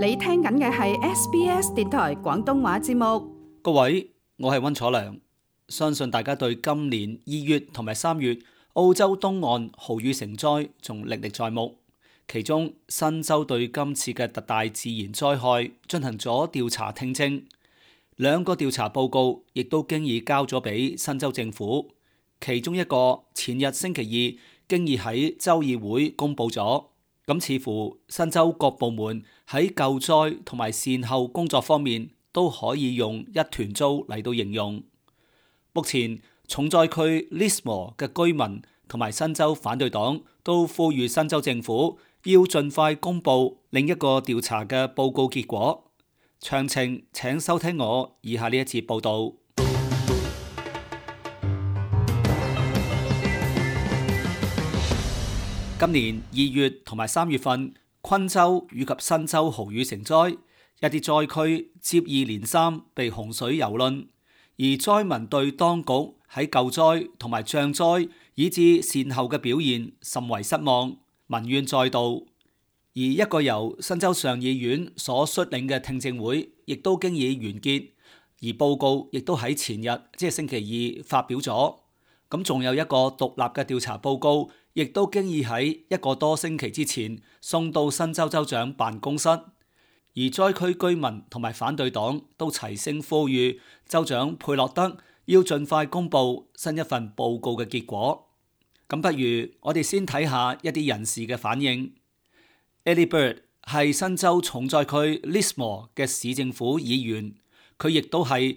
你聽緊嘅係 SBS 電台廣東話節目。各位，我係溫楚良，相信大家對今年二月同埋三月澳洲東岸豪雨成災仲歷歷在目。其中新州對今次嘅特大自然災害進行咗調查聽證，兩個調查報告亦都經已交咗俾新州政府，其中一個前日星期二經已喺州議會公布咗。咁似乎新州各部門喺救災同埋善後工作方面都可以用一團糟嚟到形容。目前重災區 Lismore 嘅居民同埋新州反對黨都呼籲新州政府要盡快公布另一個調查嘅報告結果。詳情請收聽我以下呢一節報道。今年二月同埋三月份，昆州以及新州豪雨成災，一啲災區接二連三被洪水蹂躪，而災民對當局喺救災同埋賑災以至善後嘅表現甚為失望，民怨載道。而一個由新州上議院所率領嘅聽證會亦都經已完結，而報告亦都喺前日，即係星期二發表咗。咁仲有一個獨立嘅調查報告，亦都經已喺一個多星期之前送到新州州長辦公室，而災區居民同埋反對黨都齊聲呼籲州長佩洛德要盡快公布新一份報告嘅結果。咁不如我哋先睇下一啲人士嘅反應。Ellie Bird 係新州重災區 Lismore 嘅市政府議員，佢亦都係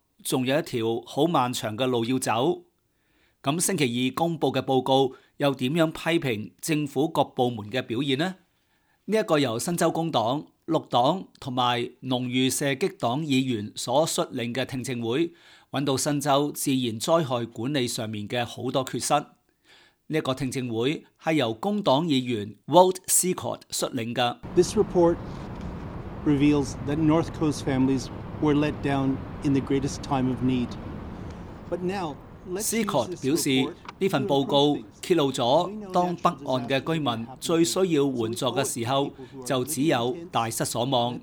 仲有一條好漫長嘅路要走，咁星期二公佈嘅報告又點樣批評政府各部門嘅表現呢？呢、這、一個由新州工黨、綠黨同埋農漁射擊黨議員所率領嘅聽證會，揾到新州自然災害管理上面嘅好多缺失。呢、這、一個聽證會係由工黨議員 Walt Secord 率領嘅。This Seacord 表示，呢份報告揭露咗，當北岸嘅居民最需要援助嘅時候，就只有大失所望。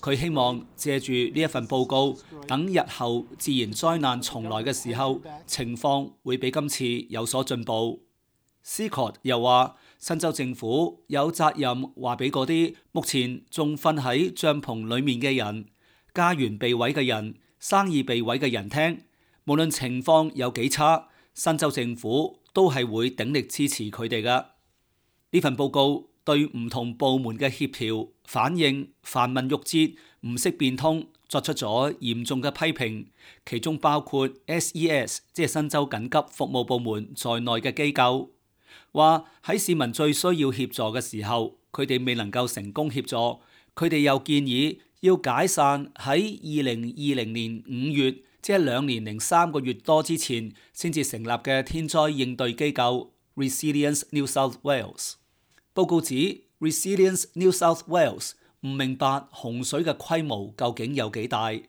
佢希望借住呢一份報告，等日後自然災難重來嘅時候，情況會比今次有所進步。Seacord 又話，新州政府有責任話俾嗰啲目前仲瞓喺帳篷裡面嘅人。家園被毀嘅人，生意被毀嘅人聽，無論情況有幾差，新州政府都係會鼎力支持佢哋噶呢份報告對唔同部門嘅協調、反應、繁文縟節、唔識變通，作出咗嚴重嘅批評，其中包括 SES，即係新州緊急服務部門在內嘅機構，話喺市民最需要協助嘅時候，佢哋未能夠成功協助，佢哋又建議。要解散喺二零二零年五月，即係兩年零三個月多之前，先至成立嘅天災應對機構 Resilience New South Wales。報告指 Resilience New South Wales 唔明白洪水嘅規模究竟有幾大，佢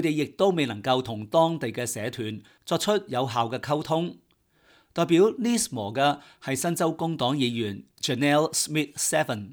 哋亦都未能夠同當地嘅社團作出有效嘅溝通。代表 Lismore 嘅係新州工黨議員 Janelle Smith Seven。7,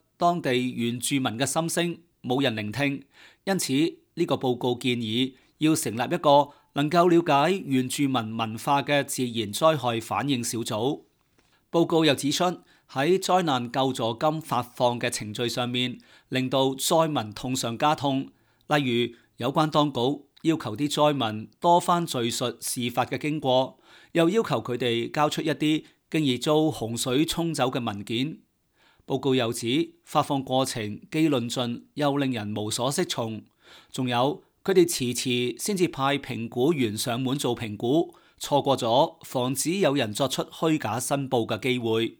當地原住民嘅心聲冇人聆聽，因此呢個報告建議要成立一個能夠了解原住民文化嘅自然災害反應小組。報告又指出喺災難救助金發放嘅程序上面，令到災民痛上加痛。例如有關當局要求啲災民多番敘述事發嘅經過，又要求佢哋交出一啲經已遭洪水沖走嘅文件。報告又指發放過程既論盡又令人無所適從，仲有佢哋遲遲先至派評估員上門做評估，錯過咗防止有人作出虛假申報嘅機會。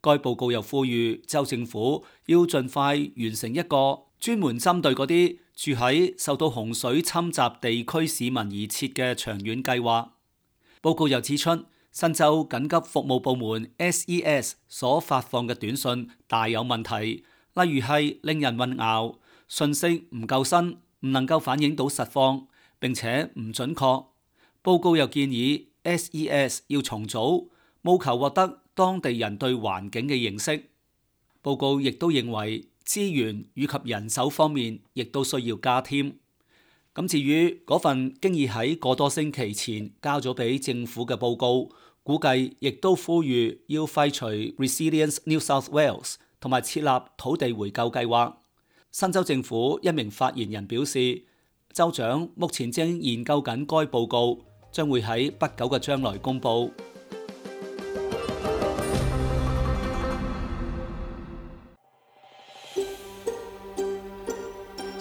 該報告又呼籲州政府要盡快完成一個專門針對嗰啲住喺受到洪水侵襲地區市民而設嘅長遠計劃。報告又指出，新州緊急服務部門 SES 所發放嘅短信大有問題，例如係令人混淆、信息唔夠新、唔能夠反映到實況，並且唔準確。報告又建議 SES 要重組，務求獲得當地人對環境嘅認識。報告亦都認為資源以及人手方面亦都需要加添。咁至於嗰份經已喺個多星期前交咗俾政府嘅報告，估計亦都呼籲要廢除 Resilience New South Wales 同埋設立土地回購計劃。新州政府一名發言人表示，州長目前正研究緊該報告，將會喺不久嘅將來公佈。